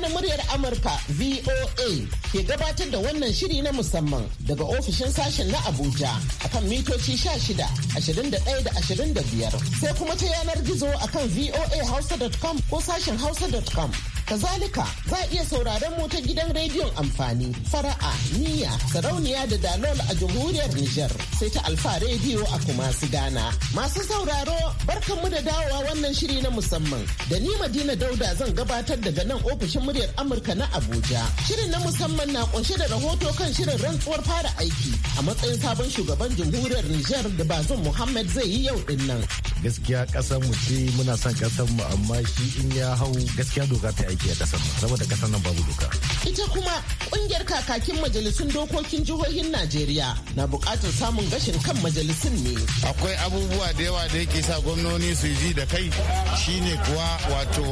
na muryar Amurka VOA ke gabatar da wannan shiri na musamman daga ofishin sashen na Abuja akan mitoci 16, 21 da 25 sai kuma ta yanar gizo akan voahausa.com ko sashen hausa.com Kazalika za a iya sauraron mu ta gidan rediyon amfani fara'a niyya sarauniya da dalol a jamhuriyar Nijar sai ta alfa rediyo a kuma su Ghana. Masu sauraro barkanmu da dawowa wannan shiri na musamman da ni Madina Dauda zan gabatar daga nan ofishin muryar Amurka na Abuja. Shirin na musamman na kunshe da rahoto kan shirin rantsuwar fara aiki a matsayin sabon shugaban jamhuriyar Nijar da Bazum Muhammad zai yi yau din nan. Gaskiya kasan mu ce muna son kasan mu amma shi in ya hau gaskiya doka ta aiki. ke a kasar nan saboda kasar nan babu doka ita kuma kungiyar kakakin majalisun dokokin jihohin Najeriya na bukatar samun gashin kan majalisun ne akwai abubuwa da yawa da yake sa gwamnoni su ji da kai shine kuwa wato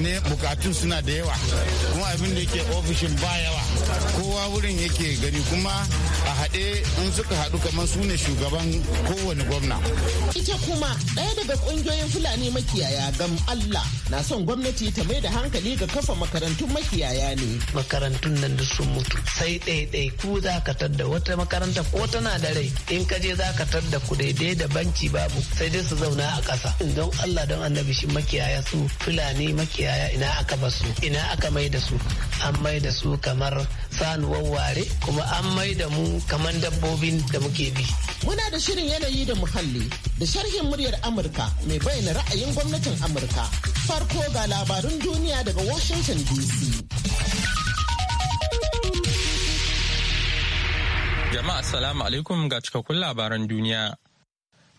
ne bukatun suna da yawa kuma abin da yake ofishin ba yawa kowa wurin yake gani kuma a haɗe in suka haɗu kamar su ne shugaban kowane gwamna ita kuma ɗaya daga ƙungiyoyin fulani makiyaya gam Allah na son gwamnati ta mai da hankali ga kafa makarantun makiyaya ne. Makarantun nan da sun mutu sai ɗaiɗai ku za ka tadda wata makaranta ko tana da rai in ka je za ka tadda ku daidai da banci babu sai dai su zauna a ƙasa. Don Allah don annabi shi makiyaya su Fulani makiyaya ina aka basu ina aka mai da su an mai da su kamar sanuwar wawware kuma an mai da mu kamar dabbobin da muke bi. Muna da shirin yanayi da muhalli da sharhin muryar Amurka mai bayyana ra'ayin gwamnatin Amurka. Farko ga labarun duniya daga Washington DC. Jama'a Assalamu alaikum ga cikakkun labaran duniya.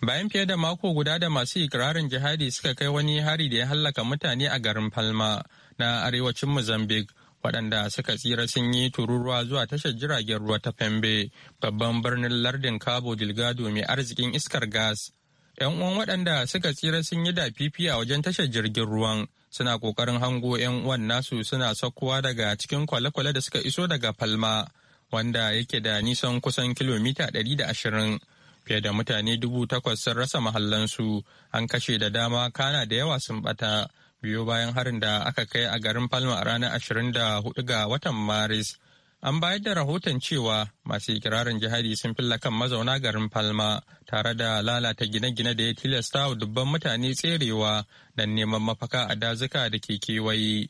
Bayan fiye da mako guda da masu ikirarin jihadi suka kai wani hari da ya hallaka mutane a garin Palma na arewacin Mozambique waɗanda suka tsira sun yi tururuwa zuwa tashar jiragen ruwa ta Pembe, babban birnin lardin Cabo Delgado mai arzikin iskar gas. 'Yan uwan waɗanda suka tsira sun yi fifi a wajen tashar jirgin ruwan, suna ƙoƙarin hango 'yan uwan nasu suna sakkowa daga cikin kwale-kwale da suka iso daga Palma, wanda yake da nisan kusan kilomita ɗari da ashirin Fiye da mutane dubu takwas sun rasa mahallansu, an kashe da dama kana da yawa sun bata. biyo bayan harin da aka kai a garin palma a ranar 24 ga watan maris an bayar da rahoton cewa masu ikirarin jihadi sun filla kan mazauna garin palma tare da lalata gine-gine da ya tilasta wa dubban mutane tserewa don neman mafaka a dazuka da ke kewaye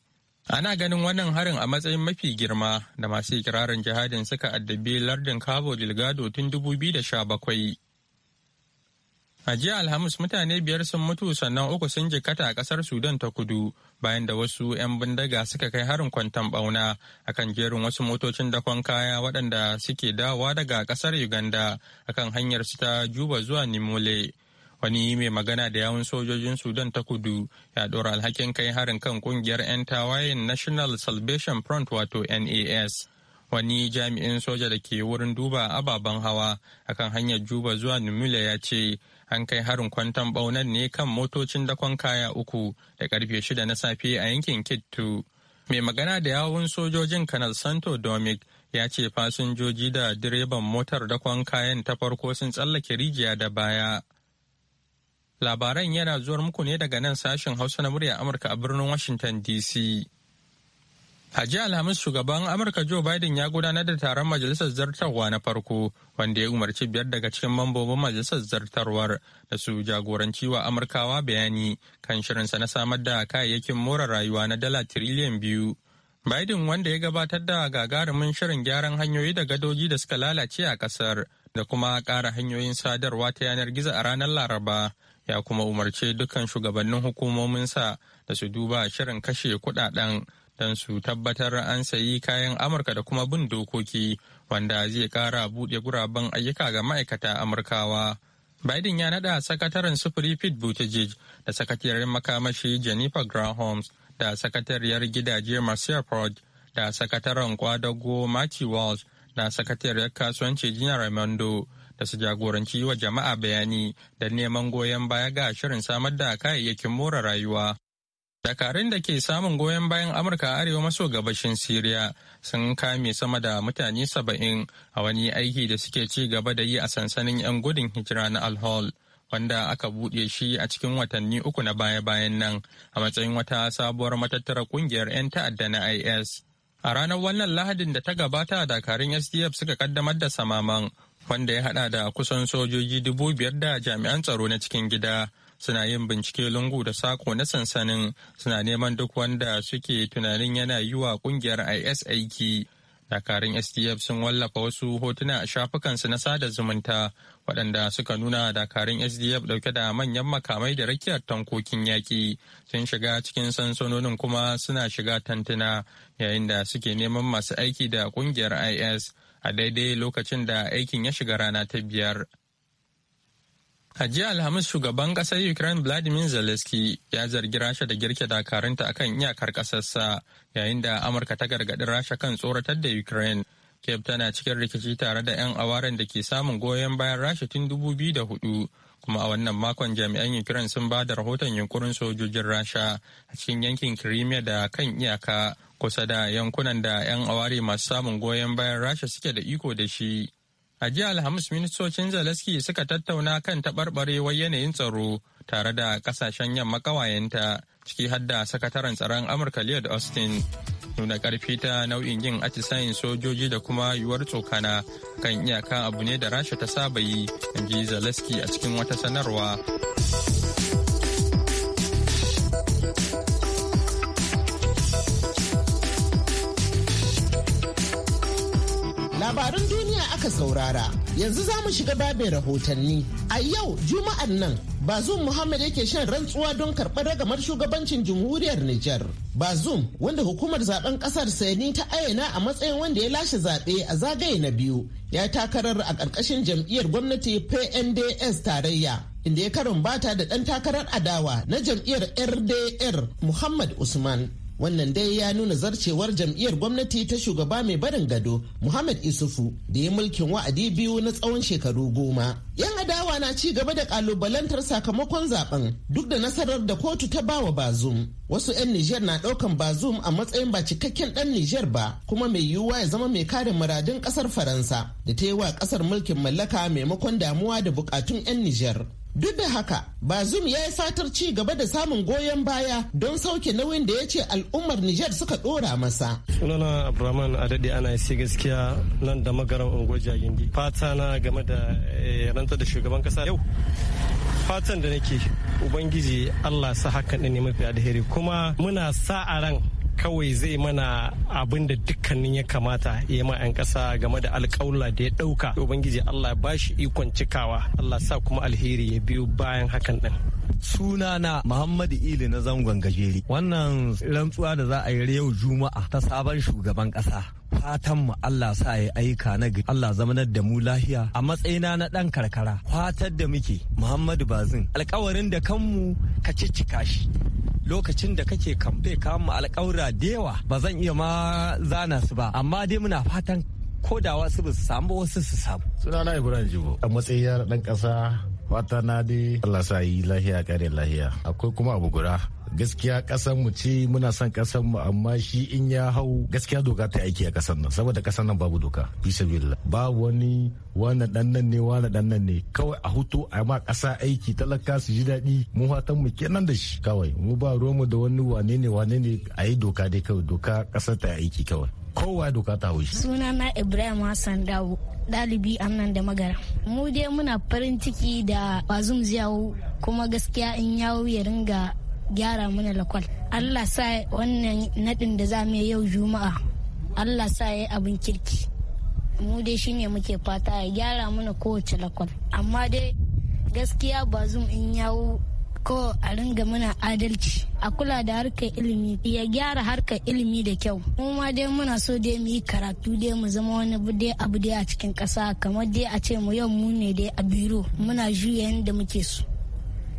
ana ganin wannan harin a matsayin mafi girma da masu ikirarin jihadin suka addabi lardin cabo delgado tun 2017 A jiya Alhamis mutane biyar sun mutu sannan uku sun jikata a kasar Sudan ta kudu bayan da wasu 'yan bindiga suka kai harin kwantan bauna a kan jerin wasu motocin dakon kaya waɗanda suke dawowa daga kasar Uganda a kan hanyar su ta Juba zuwa Nimole. Wani mai magana da yawun sojojin Sudan ta kudu ya ɗora alhakin kai harin kan kungiyar 'yan National Salvation Front wato NAS. Wani jami'in soja da ke wurin duba ababen hawa akan hanyar Juba zuwa Nimule ya ce an kai harin kwanton baunan ne kan motocin dakon kaya uku da karfe shida na safe a yankin kittu mai magana da yawun sojojin kanal santo domic ya ce fasinjoji da direban motar dakon kayan ta farko sun tsallake rijiya da baya labaran yana zuwar muku ne daga nan sashen hausa na murya amurka a birnin washington dc A jiya Alhamis shugaban Amurka Joe Biden ya gudanar da taron majalisar zartarwa na farko wanda ya umarci biyar daga cikin mambobin majalisar zartarwar da su jagoranci wa Amurkawa bayani kan shirinsa na samar da kayayyakin more rayuwa na dala tiriliyan biyu. Biden wanda ya gabatar da gagarumin shirin gyaran hanyoyi da gadoji da suka lalace a kasar da kuma ƙara hanyoyin sadarwa ta yanar gizo a ranar Laraba ya kuma umarce dukkan shugabannin hukumominsa da su duba shirin kashe kuɗaɗen don su tabbatar an sayi kayan amurka da kuma bin dokoki wanda zai kara buɗe guraben ayyuka ga ma'aikata amurkawa biden ya nada sakataren sufuri pete buttigieg da sakatariyar makamashi jennifer graham da sakatariyar gidaje marcia ford da sakataren kwadago matthew walsh da sakatariyar kasuwanci gina raimondo da su jagoranci wa jama'a bayani da neman goyon baya ga shirin samar da kayayyakin more rayuwa dakarun da ke samun goyon bayan amurka a arewa maso gabashin siriya sun kame sama da mutane saba'in a wani aiki da suke ci gaba da yi a sansanin 'yan gudun hijira na alhol wanda aka buɗe shi a cikin watanni uku na baya-bayan nan a matsayin wata sabuwar matattara ƙungiyar 'yan ta'adda na is a ranar wannan lahadin da ta gabata dakarun sdf suka kaddamar da samaman wanda ya haɗa da kusan sojoji dubu biyar da jami'an tsaro na cikin gida suna yin bincike lungu da sako na sansanin suna neman duk wanda suke tunanin yana yi wa kungiyar is aiki dakarun stf sun wallafa wasu hotuna a shafukansu na sada zumunta waɗanda suka nuna dakarun sdf ɗauke da manyan makamai da rakiyar tankokin yaƙi sun shiga cikin sansanonin kuma suna shiga tantuna yayin da suke neman masu aiki da ƙungiyar is a daidai lokacin da aikin ya shiga rana ta biyar A jiya Alhamis shugaban ƙasar Ukraine Vladimir Zelensky ya zargi Rasha da girke dakarunta akan iyakar ƙasarsa yayin da Amurka ta gargaɗi Rasha kan tsoratar da Ukraine. Kiev tana cikin rikici tare da 'yan awaren da ke samun goyon bayan Rasha tun 2004 kuma a wannan makon jami'an Ukraine sun ba da rahoton yunkurin sojojin Rasha a cikin yankin Crimea da kan iyaka kusa da yankunan da 'yan aware masu samun goyon bayan Rasha suke da iko da shi. A jiya Alhamis ministocin Zelensky suka tattauna kan taɓarɓarewar yanayin tsaro tare da ƙasashen yamma ƙawayenta ciki har da sakataren tsaron Amurka Lloyd Austin. Nuna ƙarfi ta nau'in yin atisayin sojoji da kuma yiwuwar tsokana kan iyaka abu ne da Rasha ta saba yi, in ji Zelensky a cikin wata sanarwa. labarun duniya aka saurara yanzu za mu shiga babin rahotanni a yau juma'ar nan bazum muhammad yake shan rantsuwa don karɓar ragamar shugabancin jamhuriyar nijar bazum wanda hukumar zaben ƙasar sani ta ayyana a matsayin wanda ya lashe zaɓe a zagaye na biyu ya takarar a ƙarƙashin jam'iyyar gwamnati pnds tarayya inda ya karin bata da ɗan takarar adawa na jam'iyyar rdr muhammad usman wannan dai ya nuna zarcewar jam'iyyar gwamnati ta shugaba mai barin gado muhammad isufu da ya mulkin wa'adi biyu na tsawon shekaru goma yan adawa na ci gaba da kalubalantar sakamakon zaben duk da nasarar da kotu ta bawa bazum wasu 'yan niger na daukan bazum a matsayin ba cikakken dan niger ba kuma mai yiwuwa ya zama mai kare muradun kasar faransa da ta yi wa kasar mulkin mallaka maimakon damuwa da bukatun 'yan niger Duk da haka, Bazum ya yi satar ci gaba da samun goyon baya don sauke nauyin da ya ce al'ummar Nijar suka ɗora masa. Sunana Abraman adadi ana yi gaskiya nan da magaran Ungoja Gindi. Fata na game da eh, rantsar da shugaban kasa yau. Fatan da nake Ubangiji Allah sa hakan ne mafi alheri kuma muna sa a ran kawai zai mana abin da dukkanin ya kamata ya ma 'yan ƙasa game da alƙawla da ya ɗauka ubangiji allah ba shi ikon cikawa allah sa kuma alheri ya biyo bayan hakan ɗin sunana Muhammadu Ili na zangon gajeri. Wannan rantsuwa da za a yi yau Juma'a ta sabon shugaban ƙasa. Fatan mu Allah sa ya aika na gari Allah zamanar da mu lahiya a matsayina na ɗan karkara. Fatar da muke Muhammadu Bazin alkawarin da kanmu ka ciccika shi. lokacin da kake kamfe kamu alƙawura da yawa ba zan iya ma zana su ba amma dai muna fatan ko da wasu ba su samu wasu su samu. Sunana Ibrahim Jibo a matsayin ɗan ƙasa fata na dai Allah sa yi lahiya kare lahiya akwai kuma abu guda gaskiya kasan mu ce muna son kasan mu amma shi in ya hau gaskiya doka ta aiki a kasan nan saboda kasan nan babu doka bisabilillah ba wani wani dan nan ne wani dan nan ne kawai a hutu a ma kasa aiki talaka su ji daɗi mu fatan mu kenan da shi kawai mu ba ruwan da wani wane ne wane ne a yi doka dai kawai doka kasa ta aiki kawai kowa doka ta wuce. suna na ibrahim hassan dawo ɗalibi a nan da magara mu dai muna farin ciki da bazum ziyawo kuma gaskiya in yawo ya ringa gyara mana lakwal allah sa wannan naɗin da za mu yau juma'a allah sa ya abin kirki mu dai ne muke fata ya gyara mana kowace lakwal amma dai gaskiya bazum in yawo ko a ringa muna adalci a kula da harkar ilimi ya gyara harkar ilimi da kyau mu ma dai muna so dai mu yi karatu dai mu zama wani dai abu dai a cikin ƙasa kamar dai a ce mu yau mu ne dai a biro muna juya yadda muke so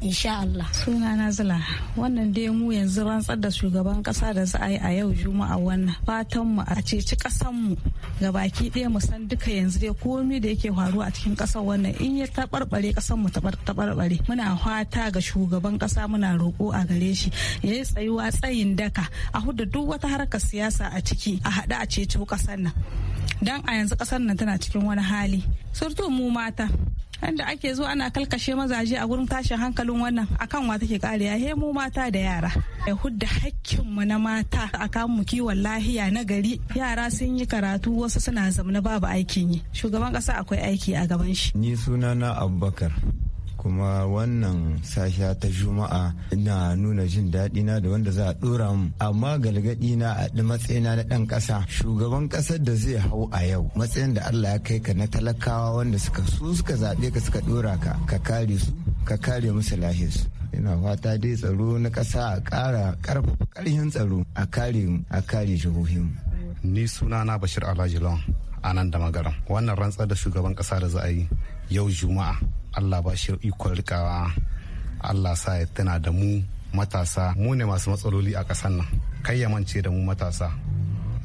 insha Allah. Suna na zula wannan dai mu yanzu rantsar da shugaban kasa da za a yi a yau juma'a wannan fatan mu a ceci kasan mu ga baki ɗaya mu san duka yanzu dai komai da yake faruwa a cikin kasar wannan in ya taɓarɓare kasan mu taɓarɓare. muna fata ga shugaban kasa muna roƙo a gare shi ya yi tsayuwa tsayin daka a huda duk wata harkar siyasa a ciki a haɗu a ceci kasan nan. Dan a yanzu kasar nan tana cikin wani hali. Surtu mu mata inda ake zuwa ana kalkashe mazaje a gurin tashin hankalin wannan akan wa take kariya ya mu mata da yara ya hudda hakkinmu na mata a kamun kiwon lahiya na gari yara sun yi karatu wasu suna zamna babu aikin yi shugaban kasa akwai aiki a gaban shi ni sunana abubakar kuma wannan sasha ta juma'a ina nuna jin daɗi na da wanda za a ɗora mu amma galgadi na a matsayina na ɗan ƙasa shugaban ƙasar da zai hau a yau matsayin da Allah ya kai ka na talakawa wanda suka su suka zaɓe ka suka ɗora ka ka kare su ka kare musu lahis ina fata dai tsaro na ƙasa a ƙara ƙarfafa ƙarfin tsaro a kare a kare jihohin ni suna na bashir alhaji lawan a da magaram wannan rantsar da shugaban ƙasa da za a yi yau juma'a allah ba shi ikon rikawa allah sa ya tana da mu matasa mu ne masu matsaloli a ƙasar nan kai ya mance da mu matasa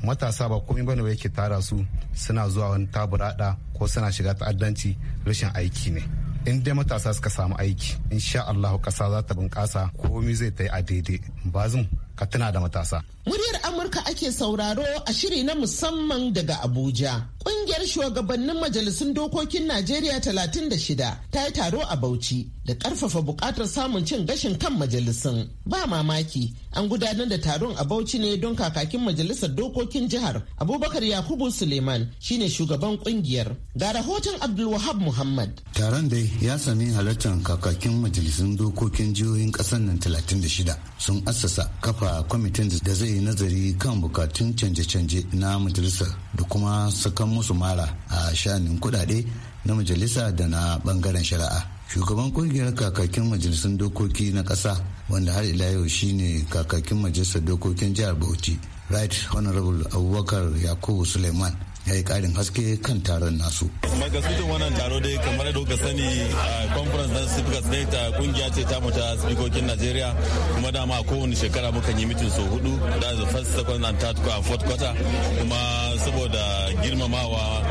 matasa ba komai bane yake tara su suna zuwa wani taburada ko suna shiga ta'addanci rashin aiki ne in dai matasa suka samu aiki insha Allah ƙasa za ta bunƙasa komai zai ta yi a daidai bazin ka tuna da matasa Muryar Amurka ake sauraro a shiri na musamman daga Abuja. Kungiyar shugabannin majalisun dokokin Najeriya 36 ta yi taro a Bauchi da karfafa buƙatar samun cin gashin kan majalisun. Ba mamaki an gudanar da taron a Bauchi ne don kakakin majalisar dokokin jihar Abubakar Yakubu Suleiman shine shugaban kungiyar. Ga rahoton Abdulwahab Muhammad. Taron dai ya sami halartar kakakin majalisun dokokin jihohin kasar nan 36 sun assasa kafa kwamitin da zai zai nazari kan bukatun canje-canje na majalisa da kuma sakan musu mara a shanin kudade na majalisa da na bangaren shari'a shugaban kungiyar kakakin majalisun dokoki na ƙasa wanda har ila yau shine kakakin majalisar dokokin jihar bauchi right honorable abubakar yakubu suleiman ya yi karin haske kan taron nasu. Magasudin wannan taro dai kamar da kuka sani a conference na Speakers state kungiya ce ta muta spikokin Najeriya kuma dama a kowane shekara muka yi mitin so hudu da the first second and third quarter fourth quarter kuma saboda girmamawa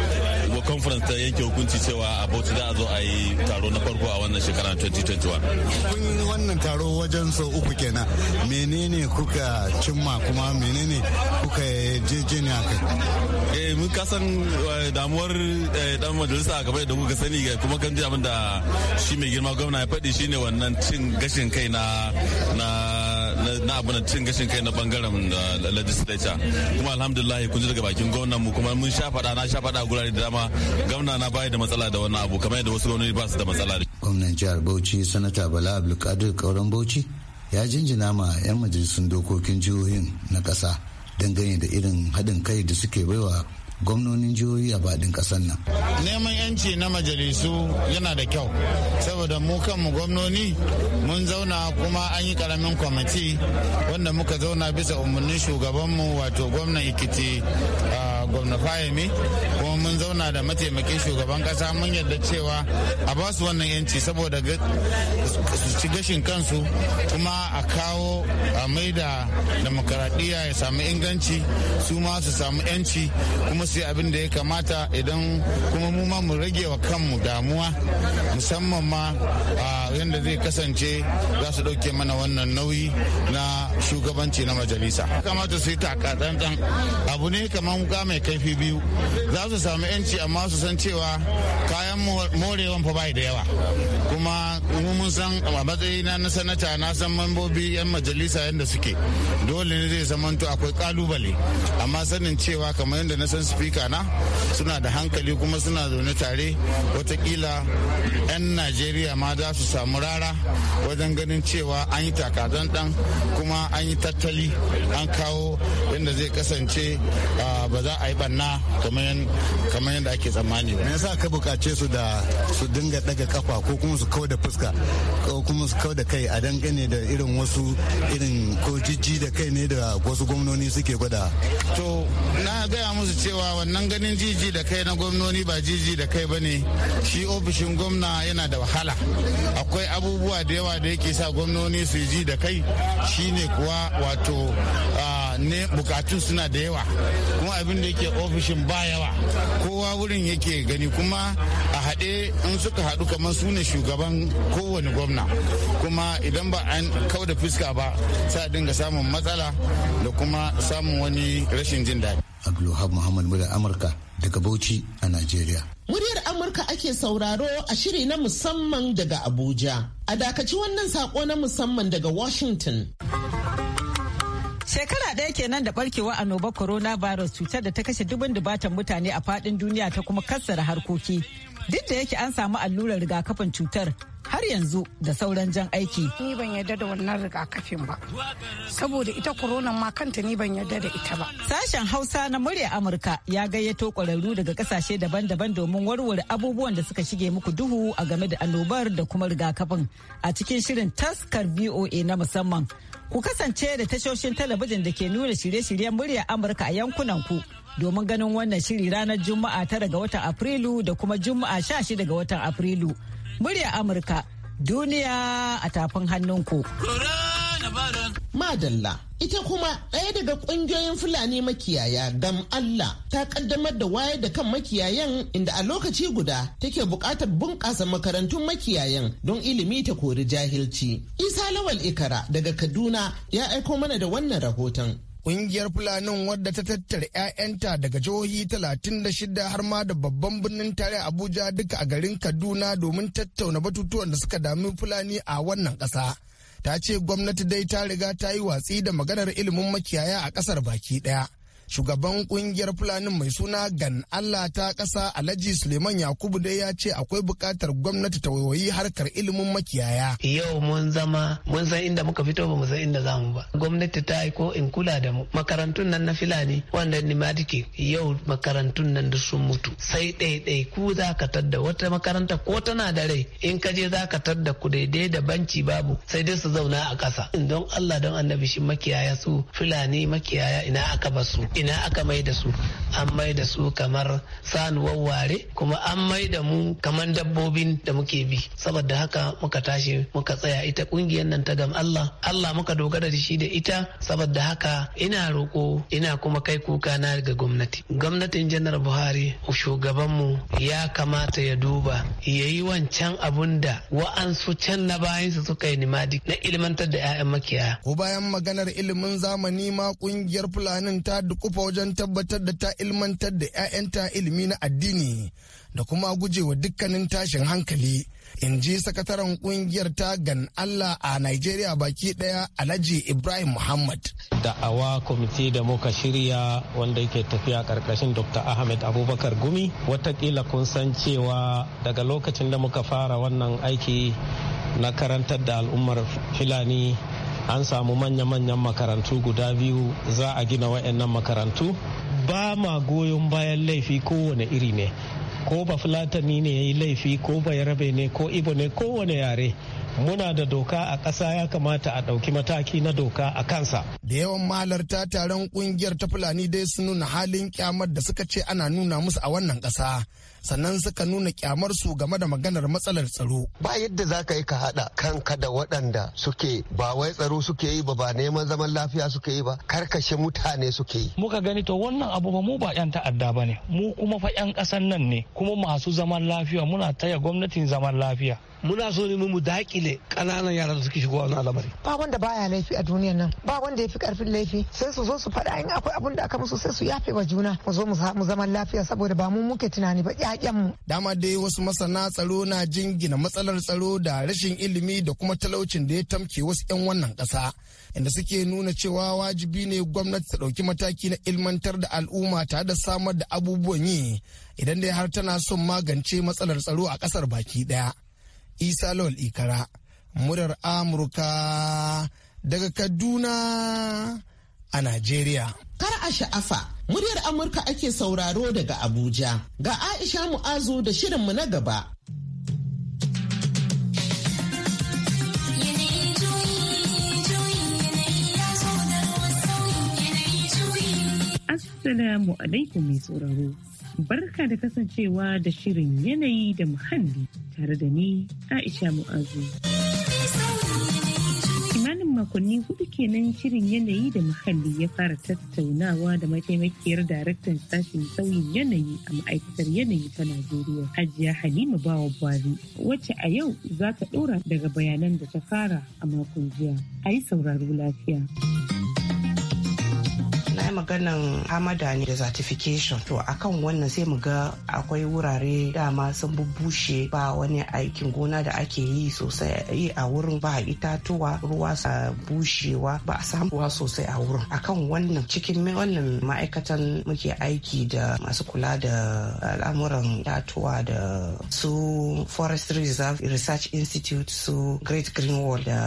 wa conference ta yanke hukunci cewa a Bauchi da a zo a yi taro na farko a wannan shekara 2021. Kun yi wannan taro wajen sau uku kenan menene kuka cimma kuma menene kuka jejjeniya kai? Eh, kasan eh, damuwar eh, dan majalisa kamar da kuka sani kuma kan ji abin da shi mai girma gwamna ya faɗi shine wannan cin gashin kai na na abin da cin gashin kai na bangaren eh, legislature kuma alhamdulillah kun ji daga bakin gwamnan mu kuma mun sha faɗa na sha faɗa gurare da dama gwamna na bayar da matsala da wannan abu kamar yadda wasu gwamnati ba su da matsala gwamnan jihar bauchi sanata bala abdulkadir kauran bauchi ya jinjina ma 'yan majalisun dokokin jihohin na ƙasa dangane da irin haɗin kai da suke baiwa gwamnonin jihohi a baɗin ƙasar nan. Neman yanci na majalisu yana da kyau saboda mu kanmu gwamnoni mun zauna kuma an yi ƙaramin kwamiti wanda muka zauna bisa umarnin shugabanmu wato gwamnan ikiti gwamna fahimi kuma mun zauna da mataimakin shugaban ƙasa mun yarda cewa a ba su wannan yanci saboda su ci gashin kansu kuma a kawo a maida da ya samu inganci su ma su samu yanci kuma su abin da ya kamata idan kuma mu ma mu rage wa kanmu damuwa musamman ma yadda zai kasance za su dauke mana wannan nauyi na shugabanci na majalisa kamata su yi takatsantsan abu ne kamar wuka mai kaifi biyu za su samu yanci amma su san cewa kayan morewan fa bai da yawa kuma mun san a matsayi na sanata na san mambobi yan majalisa yadda suke dole ne zai zamanto akwai kalubale amma sanin cewa kamar yadda na san afirka na suna da hankali kuma suna zaune tare watakila 'yan najeriya ma za su samu rara wajen ganin cewa an yi takadan dan kuma an yi tattali an kawo yadda zai kasance ba za a yi banna kamar yadda ake tsammani ba. me yasa ka bukace su da su dinga daga kafa ko kuma su kau da fuska ko kuma su kau da kai a dangane da irin wasu irin ko jijji da kai ne da wasu gwamnoni suke gwada to na gaya musu cewa wannan ganin jiji da kai na gwamnoni ba jiji da kai ba ne shi ofishin gwamna yana da wahala akwai abubuwa da yawa da yake sa gwamnoni su ji da kai shine kuwa wato ah, ne bukatun suna da yawa kuma abin da yake ofishin ba yawa kowa wurin yake gani kuma a haɗe in suka haɗu kamar su ne shugaban kowane gwamna kuma idan ba an kau da fuska ba sa dinga samun matsala da kuma samun wani rashin jin daɗi abdulhab muhammad muda amurka daga bauchi a najeriya muryar amurka ake sauraro a shiri na musamman daga abuja a dakaci wannan sako na musamman daga washington Wata ɗaya kenan da barkewa annoba coronavirus cutar da ta kashe dubin dubatan mutane a faɗin duniya ta kuma kassara harkoki. Duk da yake an samu allurar rigakafin cutar har yanzu da sauran jan aiki. Ni ban yarda da wannan rigakafin ba. Saboda ita koronan ma kanta ni ban yarda da ita ba. Sashen Hausa na murya Amurka ya gayyato kwararru daga ƙasashe daban-daban domin warware abubuwan da suka shige muku duhu a game da annobar da kuma rigakafin a cikin shirin taskar VOA na musamman. Ku kasance da tashoshin talabijin da ke nuna shirye-shiryen murya Amurka a yankunan ku domin ganin wannan shiri ranar Juma'a tara ga watan Afrilu da kuma Juma'a sha shida ga watan Afrilu. Murya Amurka duniya a tafin hannunku. ku. Madalla. Ita kuma ɗaya daga ƙungiyoyin Fulani makiyaya dam Allah ta ƙaddamar da wayar da kan makiyayan inda a lokaci guda take buƙatar bunƙasa makarantun makiyayan don ilimi ta kori jahilci. Isa Lawal Ikara daga Kaduna ya aiko mana da wannan rahoton. Ƙungiyar Fulanin wadda ta tattara 'ya'yanta daga jihohi shida har ma da babban birnin tare Abuja duka a garin Kaduna domin tattauna batutuwan da suka dami Fulani a wannan ƙasa. ta ce gwamnati dai ta riga ta yi watsi da maganar ilimin makiyaya a kasar baki ɗaya shugaban kungiyar fulani mai suna gan allah ta kasa alhaji suleiman yakubu dai ya ce akwai buƙatar gwamnati ta wayoyi harkar ilimin makiyaya yau mun zama mun san inda muka fito ba mu san inda zamu ba gwamnati ta yi ko in kula da mu makarantun nan na filani wanda nimadike yau makarantun nan da sun mutu sai ɗaiɗai ku za ka tadda wata makaranta ko tana da rai in ka je za ka tadda ku daidai da banci babu sai dai su zauna a ƙasa don allah don annabi shi makiyaya su fulani makiyaya ina aka basu ina aka mai da su an mai da su kamar sanuwar ware kuma an mai da mu kamar dabbobin da muke bi saboda haka muka tashi muka tsaya ita kungiyar nan ta gam Allah Allah muka dogara da shi da ita saboda haka ina roko ina kuma kai kuka na ga gwamnati gwamnatin janar Buhari shugaban mu ya kamata ya duba ya yi wancan abun da wa'ansu can na su suka yi nimadi na ilmantar da 'ya'yan makiyaya ko bayan maganar ilimin zamani ma kungiyar fulanin ta duku dukufa wajen tabbatar da ta ilmantar da 'ya'yanta ilimi na addini da kuma gujewa dukkanin tashin hankali in ji sakataren kungiyar ta gan Allah a Nigeria baki daya Alhaji Ibrahim Muhammad. Da'awa kwamiti da muka shirya wanda yake tafiya karkashin Dr. Ahmed Abubakar Gumi watakila kun san cewa daga lokacin da muka fara wannan aiki na karantar da al'ummar Filani an samu manya-manyan makarantu guda biyu za a gina wa'annan makarantu ba ma goyon bayan laifi kowane iri ne ko ba fulatani ne ya yi laifi ko ba yarabe ne ko ibo ne kowane yare muna da doka a ƙasa ya kamata a ɗauki mataki na doka a kansa. Da yawan mahalarta taron ƙungiyar ta Fulani dai sun nuna halin kyamar da suka ce ana nuna musu a wannan ƙasa. sannan suka nuna kyamar su game da maganar matsalar tsaro. Ba yadda za ka yi ka haɗa kanka da waɗanda suke ba wai tsaro suke yi ba ba neman zaman lafiya suke yi ba karkashe mutane suke yi. Muka gani to wannan abu ba mu ba 'yan ta'adda ba ne mu kuma fa 'yan ƙasan nan ne kuma masu zaman lafiya muna taya gwamnatin zaman lafiya. muna so ne mu dakile ƙananan yara da suke shigowa wannan al'amari ba wanda baya laifi a duniyar nan ba wanda ya fi karfin laifi sai su zo su faɗa in akwai abun da aka musu sai su yafe wa juna mu zo mu samu zaman lafiya saboda ba mu muke tunani ba ƴaƴan mu dama dai wasu masana tsaro na jingina matsalar tsaro da rashin ilimi da kuma talaucin da ya tamke wasu 'yan wannan ƙasa inda suke nuna cewa wajibi ne gwamnati ta ɗauki mataki na ilmantar da al'umma tare da samar da abubuwan yi idan dai har tana son magance matsalar tsaro a ƙasar baki ɗaya. isa lol ikara murar amurka daga kaduna a najeriya kar a sha'afa muryar amurka ake sauraro daga abuja ga aisha mu'azu da shirinmu na gaba Assalamu alaikum mai sauraro Barka da kasancewa da shirin yanayi da muhalli tare da ni Aisha Mu'azu. Imanin makonni hudu kenan shirin yanayi da muhalli ya fara tattaunawa da mataimakiyar daraktan sashen sauyin yanayi a ma'aikatar yanayi ta Najeriya Hajiya Halima Bawa Buhari wacce a yau za ta ɗora daga bayanan da ta fara a makon jiya. A yi sauraro lafiya. maganan hamada ne da certification to akan wannan sai mu ga akwai wurare dama sun bubushe ba wani aikin gona da ake yi sosai a wurin ba itatuwa ruwa sa bushewa ba a samuwa sosai a wurin akan wannan cikin wannan ma'aikatan muke aiki da masu kula da al'amuran itatuwa da su forest reserve research institute su great green wall da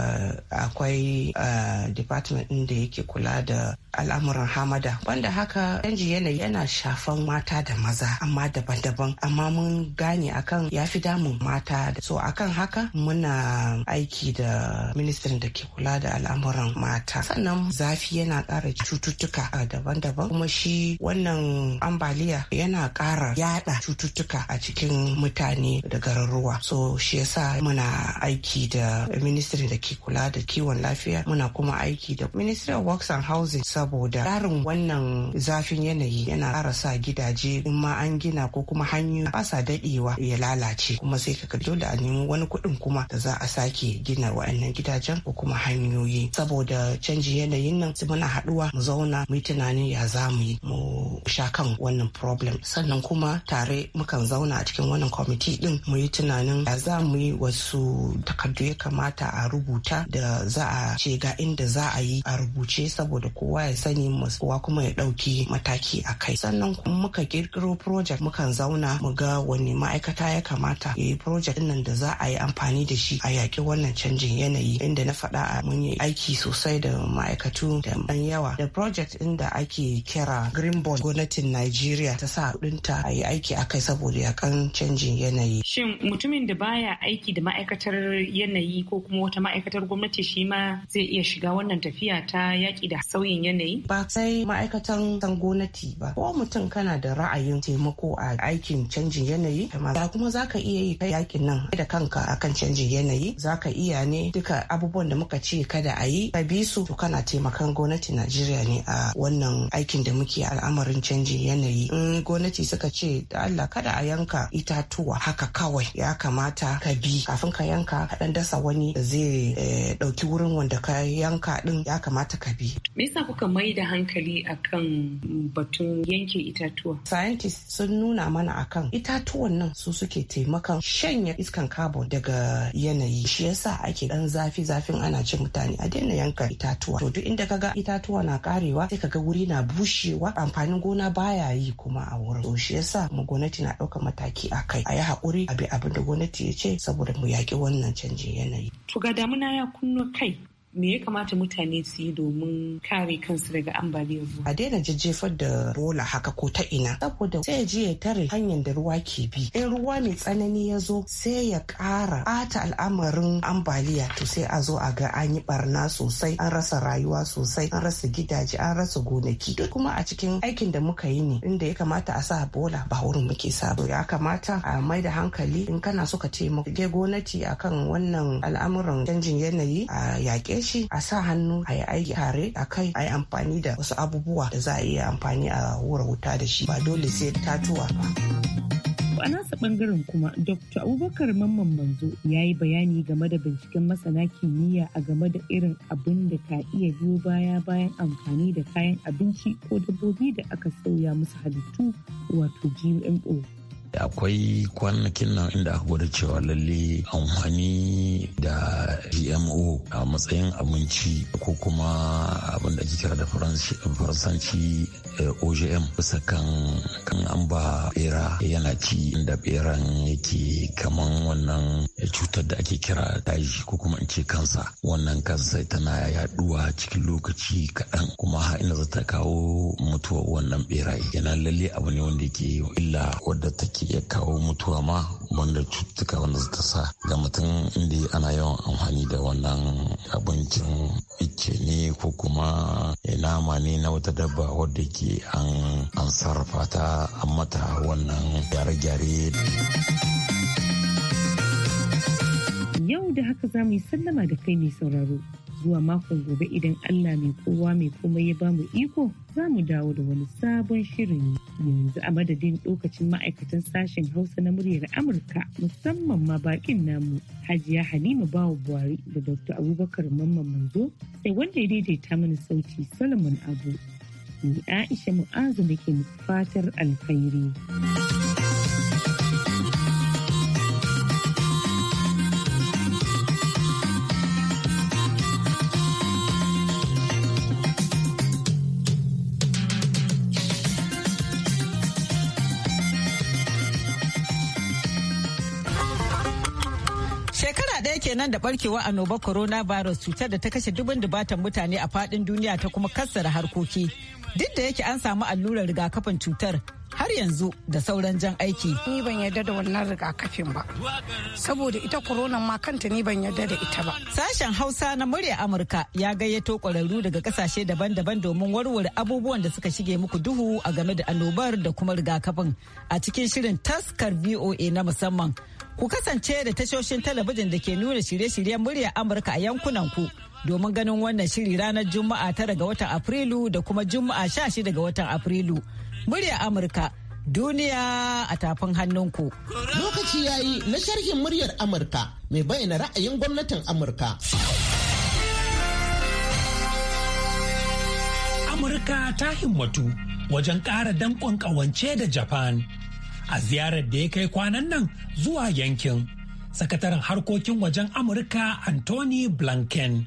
akwai eh, department da yake kula da al'amuran hamada hamada wanda haka canji yanayi yana shafan mata da maza amma daban-daban amma mun gane akan ya fi damun mata da. so akan haka muna aiki da ministan da ke kula da al'amuran mata sannan zafi yana ƙara cututtuka daban-daban kuma shi wannan ambaliya yana ƙara yada cututtuka a cikin mutane da garuruwa so shi yasa muna aiki da ministry da ke kula da kiwon lafiya muna kuma aiki da ministry of works and housing saboda wannan zafin yanayi yana ƙara sa gidaje in ma an gina ko kuma hanyoyi ba sa daɗewa ya lalace kuma sai ka dole da a nemo wani kuɗin kuma da za a sake gina wa'annan gidajen ko kuma hanyoyi saboda canjin yanayin nan su muna haɗuwa mu zauna mu tunanin ya za mu yi mu sha kan wannan problem sannan kuma tare mukan zauna a cikin wannan kwamiti ɗin mu yi tunanin ya za mu yi wasu takardu ya kamata a rubuta da za a ce ga inda za a yi a rubuce saboda kowa ya sani kowa kuma ya ɗauki mataki a kai sannan kuma muka kirkiro project mukan zauna mu ga wani ma'aikata ya kamata ya yi project nan da za a yi amfani da shi a yaƙi wannan canjin yanayi inda na faɗa a mun yi aiki sosai da ma'aikatu da ɗan yawa da project ɗin ake kira green bond gwamnatin nigeria ta sa ɗinta a yi aiki a kai saboda yakan canjin yanayi. Shin mutumin da baya aiki da ma'aikatar yanayi ko kuma wata ma'aikatar gwamnati shi ma zai iya shiga wannan tafiya ta yaƙi da sauyin yanayi? Ba sai ma'aikatan san gwamnati ba ko mutum kana da ra'ayin taimako a aikin canjin yanayi ya kuma zaka iya yi ka yakin nan da kanka akan canjin yanayi Za ka iya ne duka abubuwan da muka ce kada a yi ka bi su to kana taimakan gwamnati Najeriya ne a wannan aikin da muke al'amarin canjin yanayi in gwamnati suka ce da Allah kada a yanka itatuwa haka kawai ya kamata ka bi kafin ka yanka kaɗan dasa wani da zai eh, ɗauki wurin wanda ka yanka din ya kamata ka bi me yasa kuka mai da hankali a akan batun yanke itatuwa? Scientists sun nuna mana akan itatuwan nan su suke taimakan shanya iskan carbon daga yanayi. Shi yasa ake dan zafi zafin ana ce mutane a daina yanka itatuwa. To duk inda kaga itatuwa na karewa sai kaga wuri na bushewa amfanin gona baya yi kuma a wurin. To shi yasa mu gwamnati na ɗaukar mataki a kai. A yi haƙuri a bi abin da gwamnati ya ce saboda mu yaƙi wannan canjin yanayi. To ga damuna ya kunno kai me ya kamata mutane su yi domin kare kansu daga ambaliyar ruwa. A daina jijjefar da bola haka ko ta ina. Saboda sai ya ya tare hanyar da ruwa ke bi. In ruwa mai tsanani ya zo sai ya ƙara ɓata al'amarin ambaliya to sai a zo a ga an yi barna sosai an rasa rayuwa sosai an rasa gidaje an rasa gonaki duk kuma a cikin aikin da muka yi ne inda ya kamata a sa bola ba wurin muke sa ya kamata a mai da hankali in kana so ka taimaka mu gwamnati akan wannan al'amuran canjin yanayi a yaƙe yawanci a sa hannu a yi aiki tare a kai a yi amfani da wasu abubuwa da za a iya amfani a wura wuta da shi ba dole sai tatuwa ba. a nasa bangaren kuma dr abubakar mamman manzo ya yi bayani game da binciken masana kimiyya a game da irin abin da ka iya biyo baya bayan amfani da kayan abinci ko dabbobi da aka sauya musu halittu wato gmo Da akwai kwanakin nan inda aka gwada cewa lalle amfani da gmo a matsayin abinci ko kuma abin da kira da faransanci eh, ogm bisa kan kan an ba bera yana ci inda beran yake kaman wannan cutar da ake kira daji ko kuma in ce kansa wannan kansa tana yaduwa cikin lokaci kaɗan kuma har ina za ta kawo mutuwa wannan beraye yana lalle abu ne wanda yake illa wadda take ke iya kawo mutuwa ma wanda cututtuka wanda ta sa ga mutum inda ana yawan amfani da wannan abincin ice ne ko kuma nama ne na wata dabba wadda ke an sarrafa ta a mata wannan gyare-gyare. Yau da haka za mu yi sallama da kai mai sauraro. zuwa makon gobe idan Allah mai kowa mai komai ya bamu iko za mu dawo da wani sabon shirin yanzu a madadin lokacin ma'aikatan sashen hausa na muryar amurka musamman ma bakin namu hajiya halima bawa buhari da dr abubakar mamman manzo sai wanda ya daidaita mana sauti solomon abu ni aisha mu'azu da ke fatar alkhairi. kenan da barkewa annoba coronavirus cutar da ta kashe dubin dubatan mutane a fadin duniya ta kuma kassara harkoki duk da yake an samu allurar rigakafin cutar har yanzu da sauran jan aiki. Ni ban yarda da wannan rigakafin ba, saboda ita corona ma kanta ni ban yarda da ita ba. Sashen Hausa na murya Amurka ya gayyato kwararru daga kasashe daban-daban domin warware abubuwan da suka shige muku duhu a game da annobar da kuma rigakafin a cikin shirin taskar VOA na musamman. Ku kasance da tashoshin talabijin da ke nuna shirye-shiryen murya Amurka a yankunan ku domin ganin wannan shiri ranar Juma'a tara ga watan Afrilu da kuma Juma'a sha shida ga watan Afrilu. Murya Amurka duniya a tafin hannunku. Lokaci ya yi na sharhin muryar Amurka mai bayyana ra'ayin gwamnatin Amurka. Amurka ta himmatu wajen ƙara danƙon ƙawance da Japan. a ziyarar da ya kai kwanan nan zuwa yankin. Sakataren harkokin wajen Amurka Anthony Blinken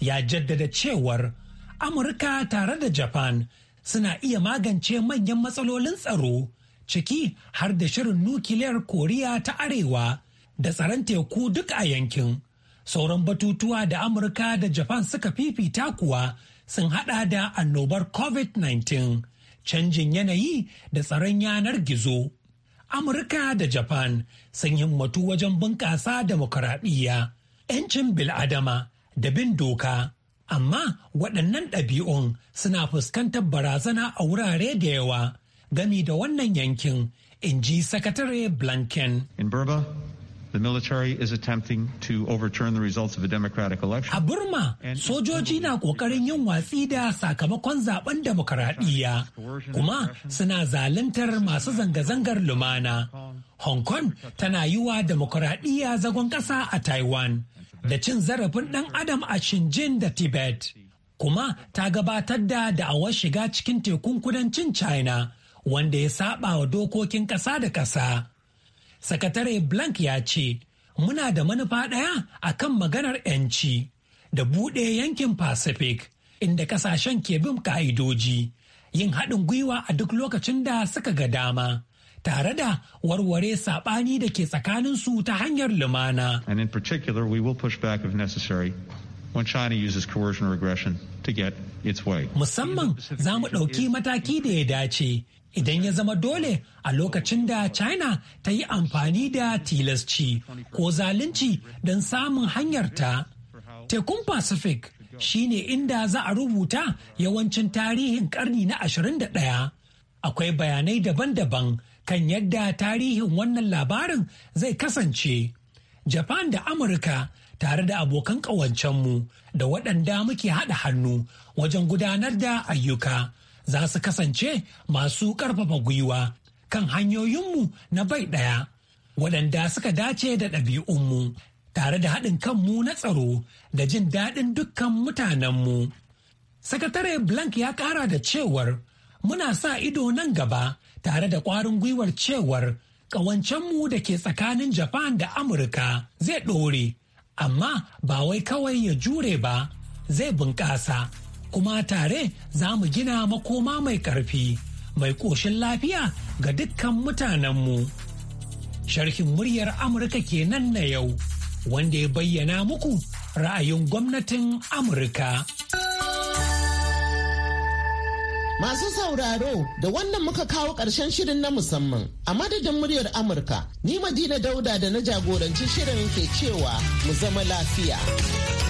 ya jaddada cewar Amurka tare da Japan suna iya magance manyan matsalolin tsaro ciki har da shirin nukiliyar Koriya ta Arewa da tsaron teku duk a yankin. Sauran batutuwa da Amurka da Japan suka fifita kuwa sun hada da annobar COVID-19, canjin yanayi da tsaron yanar gizo, Amurka da Japan sun himmatu wajen bunƙasa demokuraɗiyya, 'yancin bil'adama da bin doka. Amma waɗannan ɗabi'un suna fuskantar barazana a wurare da yawa gami da wannan yankin, in ji Sakatare Blanken. In Burma, The military is attempting to overturn the results of a democratic election. A Burma, sojoji na kokarin yin watsi da sakamakon zaben demokaradiyya kuma suna zaluntar masu zanga-zangar lumana. Hong Kong tana yi wa demokaradiyya zagon ƙasa a Taiwan da cin zarafin ɗan adam a Shenzhen da Tibet. Kuma ta gabatar da da'awar shiga cikin tekun kudancin China wanda ya saba wa dokokin ƙasa da ƙasa. sakatare blank ya ce muna da manufa ɗaya a kan maganar 'yanci da buɗe yankin pacific inda ƙasashen ke bin ka'idoji yin haɗin gwiwa a duk lokacin da suka ga dama tare da warware saɓani da ke tsakaninsu ta hanyar lumana. And in particular, we will push back if necessary China uses coercion or aggression to get Musamman za mu ɗauki mataki da ya dace idan ya zama dole a lokacin da China ta yi amfani da tilasci ko zalunci don samun hanyarta. Tekun Pacific shine inda za a rubuta yawancin tarihin karni na 21. Akwai bayanai daban-daban kan yadda tarihin wannan labarin zai kasance. Japan da Amurka tare da abokan ƙawancenmu da waɗanda muke haɗa hannu wajen gudanar da ayyuka. za su kasance masu ƙarfafa gwiwa kan hanyoyinmu na bai ɗaya waɗanda suka dace da ɗabi'unmu tare da haɗin kanmu na tsaro da jin daɗin dukkan mutanenmu. Sakatare Blank ya ƙara da cewar muna sa ido nan gaba tare da ƙwarin gwiwar cewar ƙawancenmu da ke tsakanin Japan da Amurka zai ɗore, amma ba wai kawai ya jure ba zai bunƙasa. kuma tare za mu gina makoma mai ƙarfi mai ƙoshin lafiya ga dukkan mutanenmu. Sharhin muryar Amurka ke nan na yau, wanda ya bayyana muku ra'ayin gwamnatin Amurka. Masu sauraro da wannan muka kawo ƙarshen shirin na musamman a madadin muryar Amurka, ni Madina Dauda da na jagoranci shirin ke cewa mu zama lafiya.